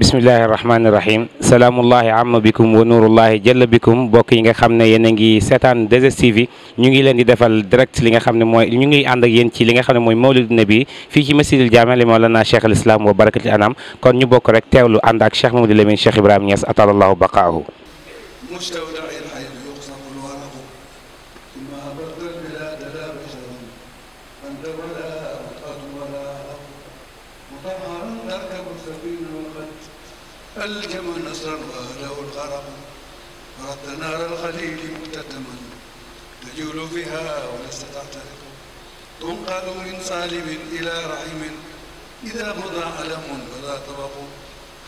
bismillahi rahmaani rahim salaamullahi amma bikum wa nuurullahi jalla bikum mbokk yi nga xam ne yéen a ngi seetaan 2STV ñu ngi leen di defal direct li nga xam ne mooy ñu ngi ànd yéen ci li nga xam ne mooy mawlidu nabi fii ci masjidil jaami li mawlana cheikh al islam wa barakatil anam kon ñu bokk rek lu ànd ak cheikh Mamadou Lamine cheikh a Niass atalallahu baqaahu ألجم نصرا وأهله الغرم ورد نار الخليل مكتتما تجول فيها ولست تعترق تنقل من صالب إلى رحم إذا مضى ألم ولا طبق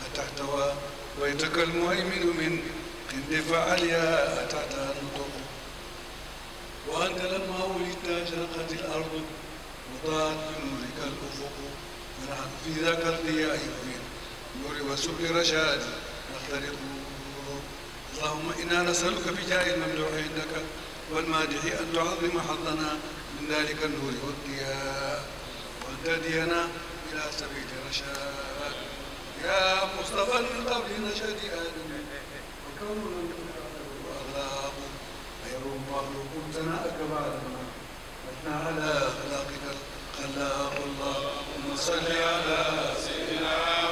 حتى احتوى ويتك المهيمن من قند فعليا أتعتها النطق وأنت لما ولدت شرقت الأرض وضاعت بنورك الأفق فنحن في ذاك الضياء وين النور وسبل رشاد نختلط اللهم إنا نسألك بجاه الممدوح عندك والمادح أن تعظم حظنا من ذلك النور والضياء وأن تهدينا إلى سبيل رشاد يا مصطفى من قبل نشأة آدم وكون وأخلاق خير مخلوق ثناءك بعدنا أثنى على خلاقك الخلاق اللهم صل على سيدنا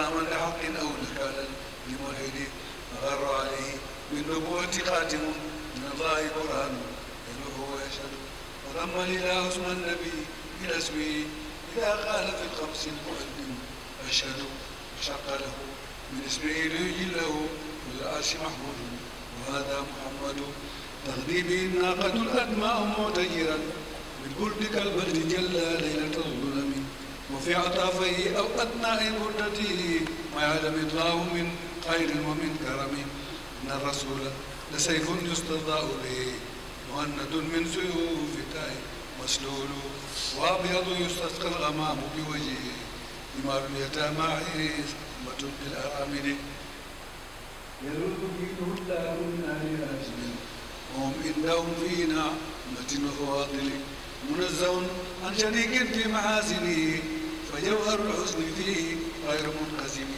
غلاما لحق او نكالا لملحد فغر عليه بالنبوة خاتم من الله برهان يلوه ويشهد وضم الاله اسم النبي الى اسمه اذا قال في الخمس المؤذن اشهد وشق له من اسمه ليجله والعرش محمود وهذا محمد تغذي به الناقة الأدماء معتجرا بالبرد كالبرد جلى ليلة الظلم وفي عطافيه أو أثناء مدته ما يعلم الله من خير ومن كرم إن الرسول لسيف يستضاء به مهند من سيوف التاي مسلول وأبيض يستسقى الغمام بوجهه بمال اليتامى عصمة بالأرامل يرد به الله من أهل وهم إنهم في نعمة وفواضل منزه عن شريك في محاسنه فجوهر الحزن فيه غير منقسم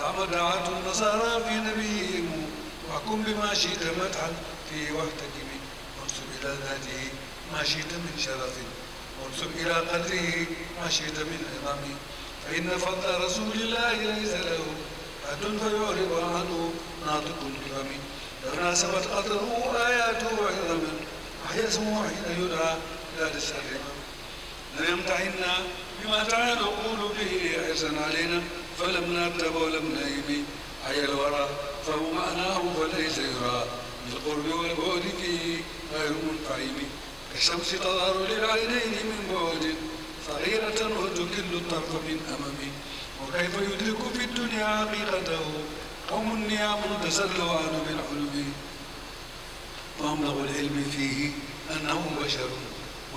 أعمى دعاة النصارى في نبيهم واحكم بما شئت مدحا فيه واحتكم وانسب إلى ذاته ما شئت من شرف وانسب إلى قدره ما شئت من عظام فإن فضل رسول الله ليس له حد فيعرض عنه ناطق بفم تناسبت قدره آياته عظما أحيا اسمه حين يدعى لا تسترهم لم يمتحنا بما تعالى نقول به حسن علينا فلم نرتب ولم نيب حي الورى فهو معناه فليس يرى بالقرب والبعد فيه غير منقرب كالشمس تظهر للعينين من بعد صغيرة وتكل الطرف من أمم وكيف يدرك في الدنيا حقيقته قوم نيام تسلوا عنه بالعلم وأملغ العلم فيه أنهم بشر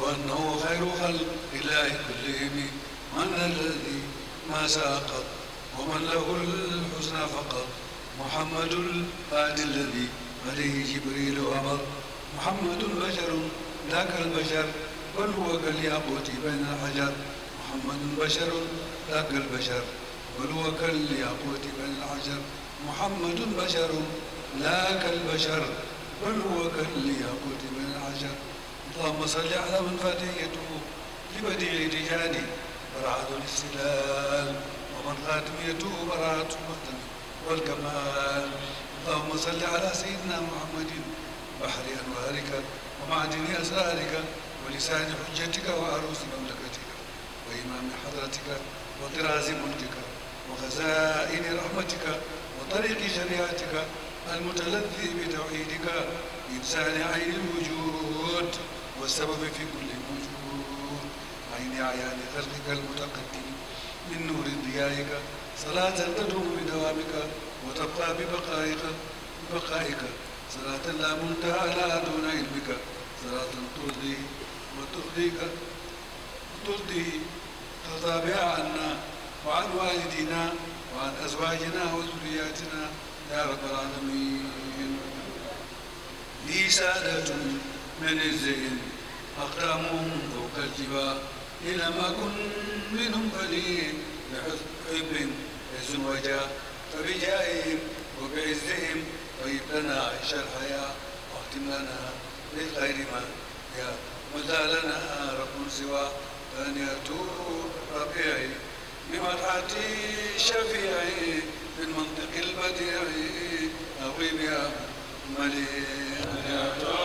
وأنه خير خلق الله كلهم من الذي ما ساقط ومن له الحسنى فقط محمد الفادي الذي عليه جبريل أمر محمد بشر ذاك البشر بل هو كالياقوت بين الحجر محمد بشر ذاك البشر بل هو كالياقوت بين الحجر محمد بشر لا كالبشر بل هو كالياقوت بين الحجر اللهم صل على من فاتيته لبديع رجالي براعة الاستدلال ومن خاتميته براعة المقدم والكمال اللهم صل على سيدنا محمد بحر أنوارك ومعدن أسرارك ولسان حجتك وعروس مملكتك وإمام حضرتك وطراز ملكك وخزائن رحمتك وطريق شريعتك المتلذذ بتوحيدك إنسان عين الوجود والسبب في كل وجود عين أعيان خلقك المتقدم من نور ضيائك صلاة تدوم بدوامك وتبقى ببقائك ببقائك صلاة لا منتهى لها دون علمك صلاة ترضيه وترضيك ترضيه ترضى بها عنا وعن والدينا وعن أزواجنا وذرياتنا يا رب العالمين لي سادة من الزين أقرام فوق الجبال إلى ما كن منهم قليل بحب عز وجاه فبجائهم وبعزهم طيب لنا عيش الحياة واختم لنا بالخير ما يا مدى لنا رب سوى ثانية ربيعي بمرحة شفيعي من منطق البديع أغيب يا مليء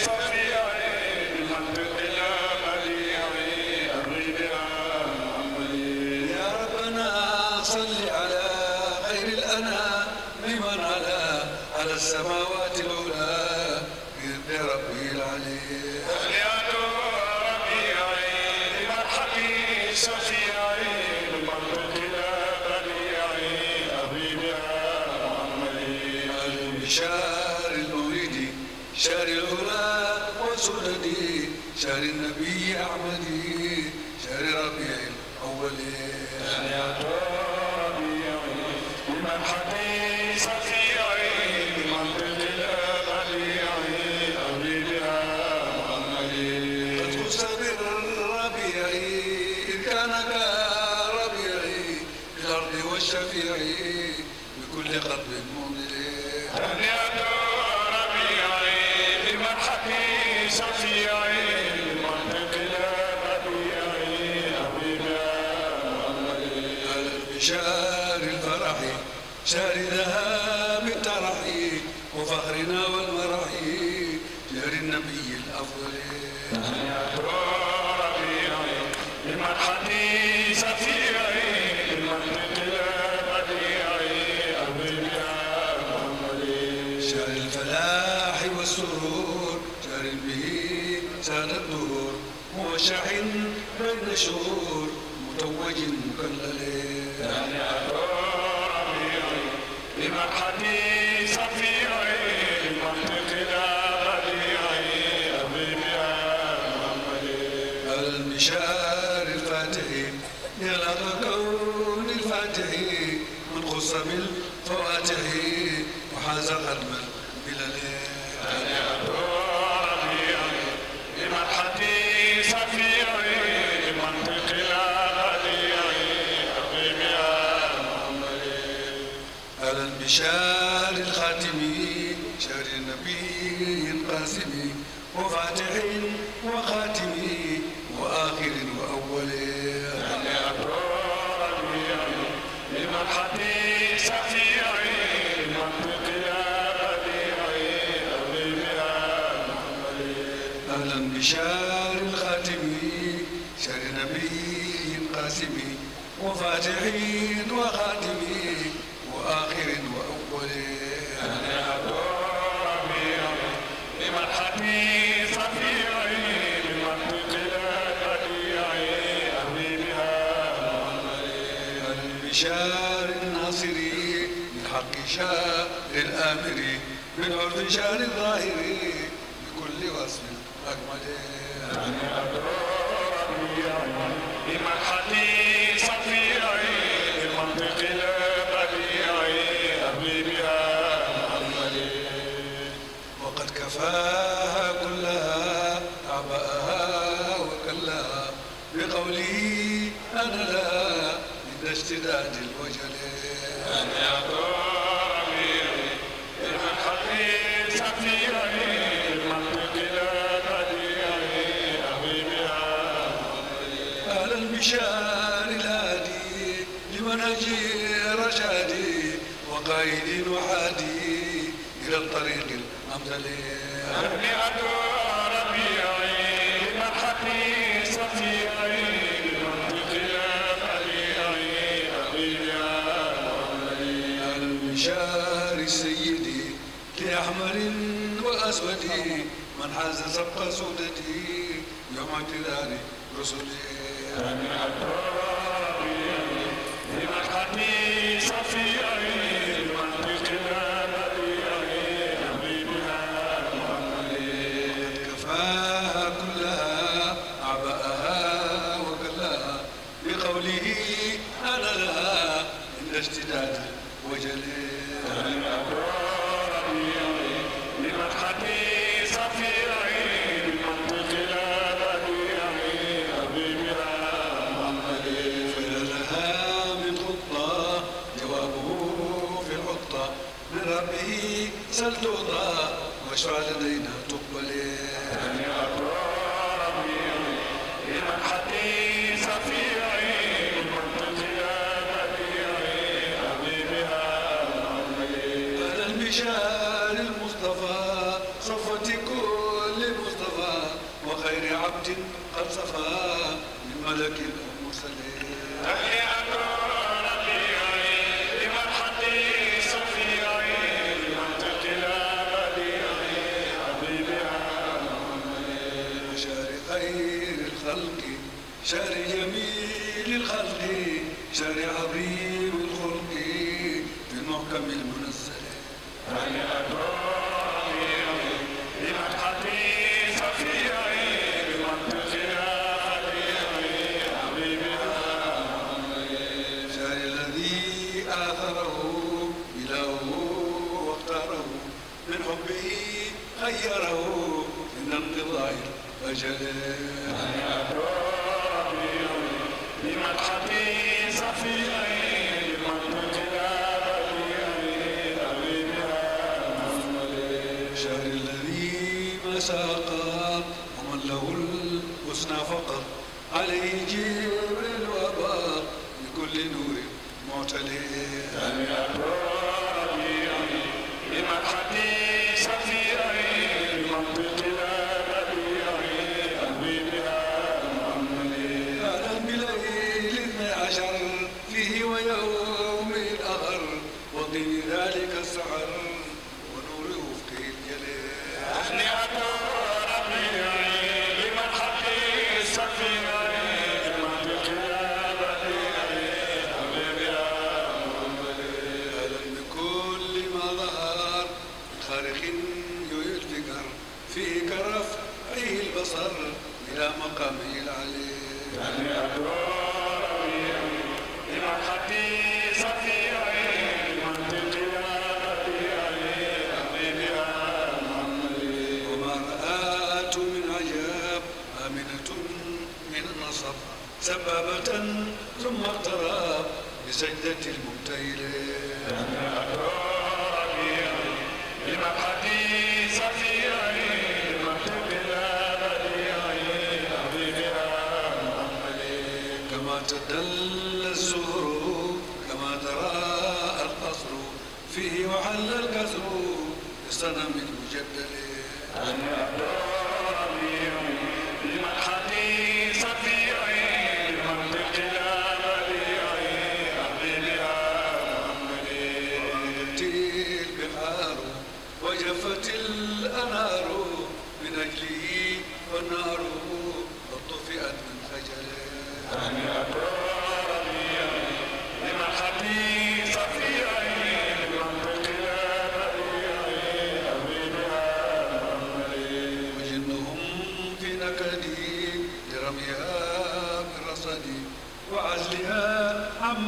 والشفيع بكل قلب مؤمن تهنئة ربيعي بمرحبي شفيعي شهر الفرح شهر ذهاب الترح وفخرنا والمرح شهر النبي الأفضل وشع بين شهور متوج مكلل لمحل فاتحين وخاتمين وآخر وأولين شار الناصري بالحق شار الآمري بالعرض شار الظاهري بكل وصف أكمل أنا أدعو ربي بمحبة قولي أنا لا من اشتداد الوجل أنا ضامي لمن حقي سفيرني المنطق لا بديعي أهوي بها أهل المشار الهادي لمنهجي رشادي وقائدي نحادي إلى الطريق الأمثل أهلي أدور من حاز سبق سودتي يوم اعتذار رسلي من التراب لمن حدي صفي عيني واشفع لدينا تقبل لمن حقي صفيعي كنت يا بديعي حبيبها هذا المشال المصطفى صفوة كل مصطفى وخير عبد قد صفى من ملك المرسلين خيره من انقضاء اجله لمن حتي صفيه ساقا ومن له الحسنى فقط عليه جبريل وبار بكل نور معتلي لمن حديث في Amen. فيه وحل الكسر لصنم المجدل لمن حديث صفيعي لمن بالقلال البحار وجفت الأنهار من أجله والنار قد طفئت من خجله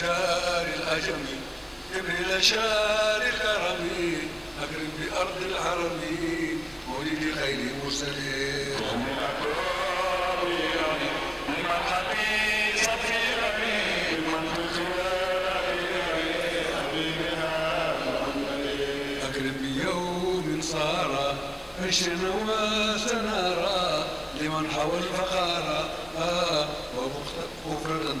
شار الأجم جبريل شار الكرم أكرم بأرض الحرم مولد خير المرسلين أكرم بيوم صار عشرنا وسنارا لمن حوى الفقارة ومختلف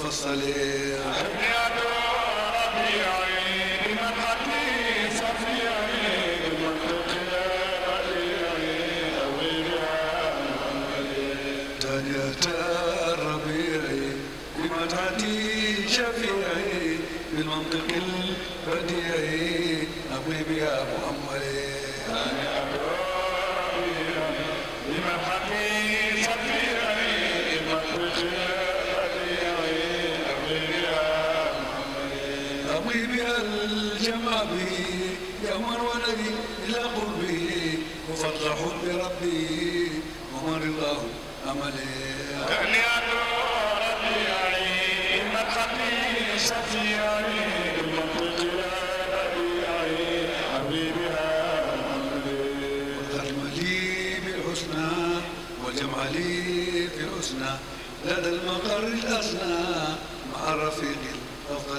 المرسلين أبغي بها الجمع به يوما ونبي إلى قربه مفرح بربي وهو رضاه أملي دعني أدعو ربي أعين إن قلبي شفيعي لي في الحسنى لدى المقر الأسنى مع رفيقي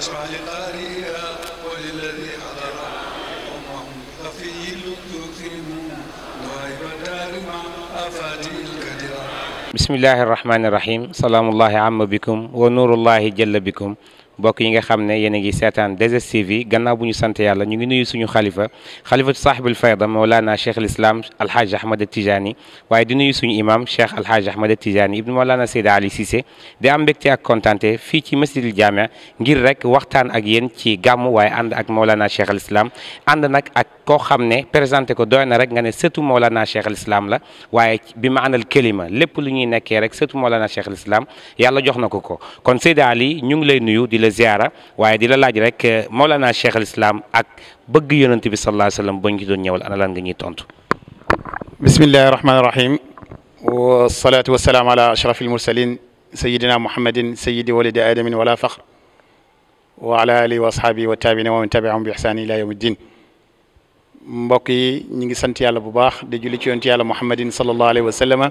واسمع للقارئ وللذي حضر أمهم خفي تكرم نائب دارما أفاتي الكدرة بسم الله الرحمن الرحيم سلام الله عم بكم ونور الله جل بكم mbokk yi nga xam ne yéen a ngi seetaan 2STV yi gannaaw bu ñu sant yàlla ñu ngi nuyu suñu xalifa xalifatu saahibul fayda mawlaana cheikh al islam alhaaj ahmad tijaani waaye di nuyu suñu imam cheikh alhaaj ahmad tijaani ibnu mawlaana seyda ali Cissé di am mbégte ak kontaante fii ci masjidil jaamia ngir rek waxtaan ak yéen ci gàmm waaye ànd ak mawlaana cheikh al islam ànd ak koo xam ne présenté ko doy na rek nga ne sëtu Mawlana Cheikh al la waaye bi ma anal kelima lépp lu ñuy nekkee rek sëtu Mawlana Cheikh al Islam jox na ko ko kon Seydi Ali ñu ngi nuyu di la ziara waaye di la laaj rek eh, Mawlana Cheikh al Islam ak bëgg yonent bi sallallahu alayhi wa sallam bañ ci doon ñëwal ana lan nga ñuy tontu. bismillahi rahmaani rahim wa salaatu wa salaam ala ashrafil mursalin sayidina muhammadin sayidi walidi aadamin wala faxr wa ala alihi wa asxaabihi wa bi ixsaan ila mbokk yi ñu ngi sant yàlla bu baax di julli ci yonent yàlla muhammadin sallallahu alayhi wa sallam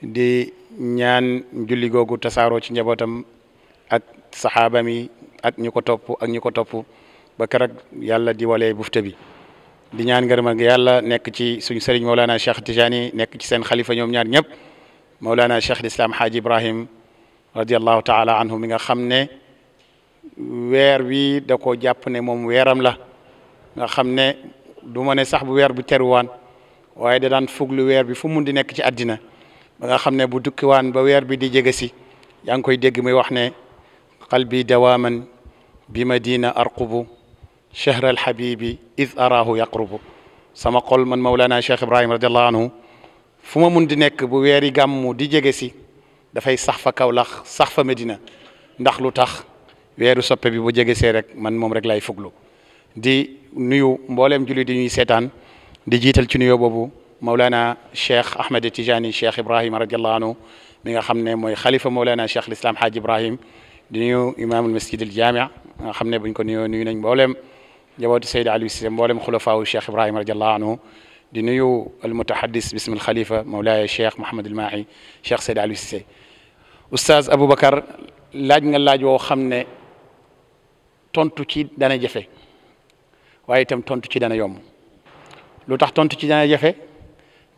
di ñaan julli googu tasaaroo ci njabootam ak saxaabam yi ak ñu ko topp ak ñu ko topp ba keroog yàlla di walee bufte bi di ñaan ngërëm ak yàlla nekk ci suñu sëriñ Maulana Cheikh Tijani nekk ci seen xalifa ñoom ñaar ñëpp Maulana Cheikh l'Islam Haji Ibrahim radiallahu taala anhu mi nga xam ne weer wi da koo jàpp ne moom weeram la nga xam ne du ma ne sax bu weer bu teruwaan waaye da daan fuglu weer bi fu mun di nekk ci addina ba nga xam ne bu dukkiwaan ba weer bi di jege si yaa ngi koy dégg muy wax ne qalbi dawaaman bi madina arqubu chahr alhabibi id arahu yaqrubu sama xol man maulana cheikh ibrahima radiallahu anhu fu ma mun di nekk bu weeri gàmmu di jege si dafay sax fa kawlax sax fa madina ndax lu tax weeru soppe bi bu jege see rek man moom rek lay fuglu di nuyu mboolem jullit yi ñuy seetaan di jiital ci nuyoo boobu Maulana Cheikh Ahmed Tijani Cheikh Ibrahima radiallahu anhu mi nga xam ne mooy xalifa Maulana Cheikh l'Islam Haaj Ibrahim di nuyu imaamul masjid al jaamia nga xam ne buñ ko nuyoo nuyu nañ mbooleem jabootu Seyd Aliou Cissé mbooleem xulafaawu Cheikh Ibrahima radiallahu anhu di nuyu al mutahaddis bismil xalifa Maulaya Cheikh Mouhamed El Mahi Cheikh Seyd Aliou Cissé Oustaz Aboubacar laaj nga laaj woo xam ne tontu ci danay jafe. waaye itam tontu ci dana yomb lu tax tontu ci dana jafe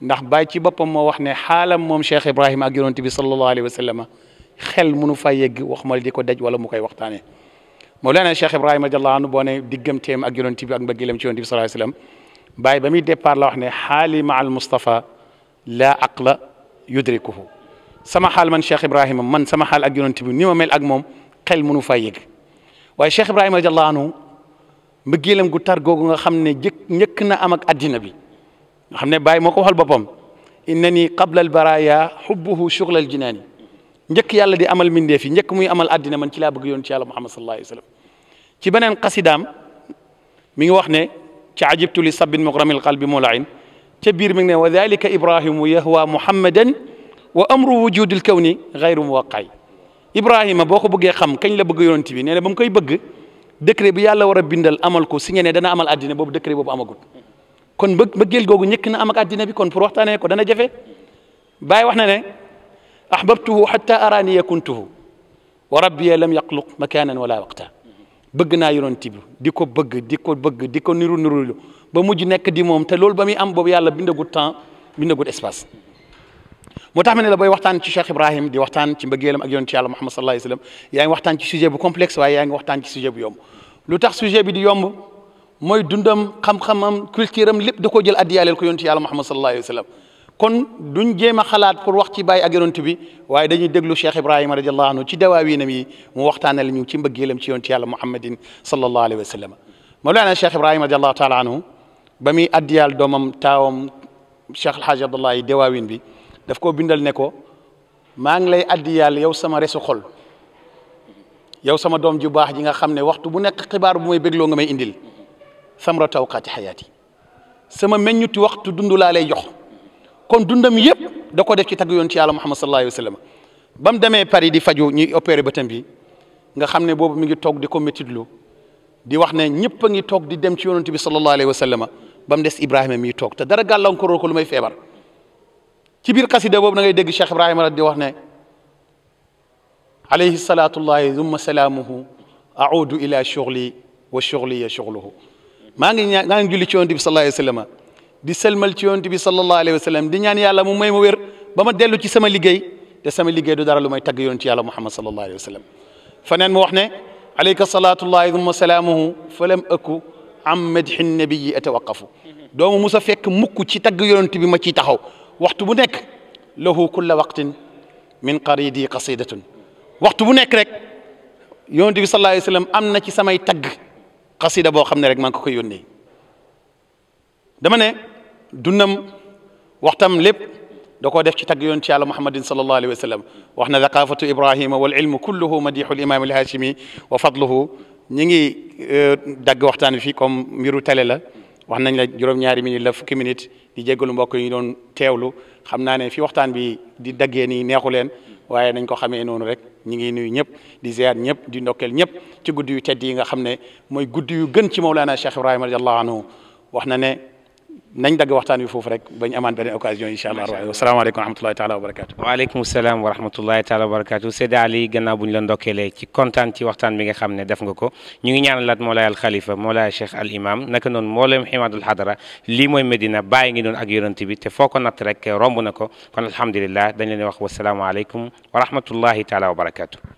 ndax baay ci boppam moo wax ne xaalam moom Cheikh Ibrahima ak yonent bi sallallahu alayhi wa sallam xel munu fa yegg wax ma di ko daj wala mu koy waxtaanee Mawlana ma Ibrahima radiyallahu anhu boo ne digganteem ak yonent bi ak mbëggeelam ci yonent bi sallallahu alayhi wa sallam baay ba muy départ la wax ne xaali ma al la laa aqla yudrikuhu sama xaal man Cheikh Ibrahima man sama xaal ak yonent bi ni ma mel ak moom xel munu fa yegg waaye Cheikh Ibrahima radiyallahu anhu mbëggeelam gu tar googu nga xam ne jëkk njëkk na am ak addina bi nga xam ne bàyyi moo ko waxal boppam inna ni qabla al baraya xubbuhu shughla al jinaani njëkk yàlla di amal mindeef yi njëkk muy amal addina man ci laa bëgg yoon ci yàlla muhammad sallallahu alayhi wa sallam ci beneen xasidaam ngi wax ne ci ajibtu li sabbin muqramil qalbi mulain ca biir mi ngi ne wa dalika ibrahimu yahwa muhammadan wa amru wujudil kawni gayru muwaqay ibrahima boo ko bëggee xam kañ la bëgg yonent bi nee na ba mu koy bëgg décret bi yàlla war a bindal amal ko si ñeneen dana amal addina boobu décret boobu amagut kon bë bëggeel googu ñëkk na am ak addina bi kon pour waxtaanee ko dana jafe Baay wax na ne ahbabtuhu hatta araani yakuntuhu wa rabbiya lam yaxluq makaanan wala waqta bëgg naa yonent bi di ko bëgg di ko bëgg di ko niru nirulu ba mujj nekk di moom te loolu ba muy am boobu yàlla bindagut temps bindagut espace moo tax ma ne la booy waxtaan ci Cheikh Ibrahim di waxtaan ci mbëggeelam ak yonent yàlla Muhammad sallallahu alayhi wa sallam yaa ngi waxtaan ci sujet bu complexe waaye yaa ngi waxtaan ci sujet bu yomb lu tax sujet bi di yomb mooy dundam xam-xamam culture am lépp da koo jël addiyaaleel ko yonent yàlla Muhammad sallallahu alayhi wa sallam kon duñ jéem a xalaat pour wax ci bàyyi ak yonent bi waaye dañuy déglu Cheikh Ibrahima radiallahu anhu ci dawaawiinam yi mu waxtaanal ñu ci mbëggeelam ci yonent yàlla Muhammadin sallallahu alayhi wa sallam Mawlana Cheikh Ibrahima radiallahu taala anhu ba muy addiyaal doomam taawam Cheikh Alhaji Abdallah yi dawaawin bi def ko bindal ne ko maa ngi lay addi yàlla yow sama resu xol yow sama doom ju baax ji nga xam ne waxtu bu nekk xibaar bu may bégloo nga may indil sama samra tawqaati xayaati sama meññuti waxtu dund laa lay jox kon dund mi yëpp da ko def ci tagg yoon ci yàlla muhammad sallallahu alayhi wa sallam ba mu demee Paris di faju ñuy opéré bëtam bi nga xam ne boobu mi ngi toog di ko métitlu di wax ne ñëpp a ngi toog di dem ci yonent bi sallallahu alayhi wa sallam ba des Ibrahima miy toog te dara gàllankooroo ko lu may feebar ci biir xasida boobu da ngay dégg Cheikh Ibrahima Radi wax ne alayhi salaatullahi zumma salaamuhu audu ila shughli wa shughli ya shughluhu maa ngi ñaan maa ngi julli ci yonent bi sallallahu alayhi wa sallam di ci yonent bi sallallahu alayhi wa di ñaan yàlla mu may ma wér ba ma dellu ci sama liggéey te sama liggéey du dara lu may tagg yonent yàlla Muhammad sallallahu alayhi wa sallam faneen mu wax ne alayka salaatullahi zumma salaamuhu falam aku am madhi nabiyi atawaqafu doomu musa fekk mukk ci tagg yonent bi ma ciy taxaw waxtu bu nekk lahu kulla waqtin min qaridi qasidatun waxtu bu nekk rek yonent bi sallallahu alayhi am na ci samay tagg xasida boo xam ne rek maa ngi ko koy yónnee dama ne dundam waxtam lépp da def ci tagg yoon ci yàlla muhammadin sallallahu alayhi wa sallam wax na thaqafatu ibrahima wal ilmu kulluhu madixu limam alhachimi wa fadluhu ñi ngi euh, dagg waxtaan bi fii comme mbiru télé la wax nañ la juróom-ñaari minute la fukki minit di jéggalu mbokk yi ñu doon teewlu xam naa ne fi waxtaan bi di daggee nii neexu leen waaye ko xamee noonu rek ñu ngi nuyu ñëpp di ziar ñëpp di ndokkeel ñëpp ci guddi yu tedd yi nga xam ne mooy guddi yu gën ci Mawlana Cheikh Ibrahima radiallahu anhu wax na ne nañ dagg waxtaan wi foofu rek bañ amaan beneen occasion incha allah waaye wasalaamaaleykum wa rahmatulahi taala wa barakaatu waaleykum salaam wa rahmatulahi ñu la ndokkeelee ci kontaan ci waxtaan bi nga xam ne def nga ko ñu ngi ñaanalaat moolaay al xalifa moolaay cheikh al imam naka noonu mboolem ximaadul xadara lii mooy Medina bàyyi ngi doon ak yonent bi te foo ko natt rek romb na ko kon alhamdulilah dañ leen wax wasalaamaaleykum wa rahmatulahi taala wa barakaatu